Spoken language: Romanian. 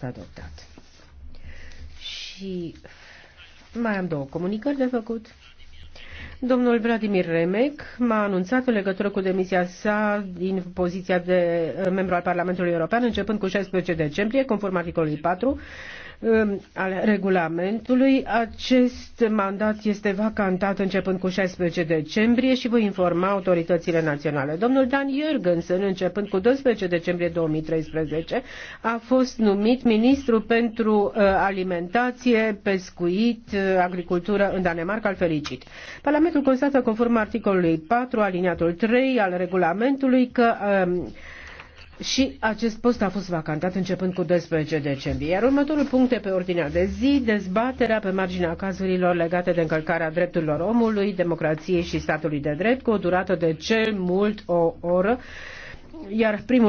S-a adoptat. Și mai am două comunicări de făcut. Domnul Vladimir Remec m-a anunțat în legătură cu demisia sa din poziția de eh, membru al Parlamentului European începând cu 16 decembrie, conform articolului 4 Um, al regulamentului. Acest mandat este vacantat începând cu 16 decembrie și voi informa autoritățile naționale. Domnul Dan Jürgensen, începând cu 12 decembrie 2013, a fost numit ministru pentru uh, alimentație, pescuit, uh, agricultură în Danemarca. al fericit. Parlamentul constată conform articolului 4, aliniatul 3 al regulamentului că um, și acest post a fost vacantat începând cu 12 decembrie. Iar următorul punct pe ordinea de zi, dezbaterea pe marginea cazurilor legate de încălcarea drepturilor omului, democrației și statului de drept, cu o durată de cel mult o oră, iar primul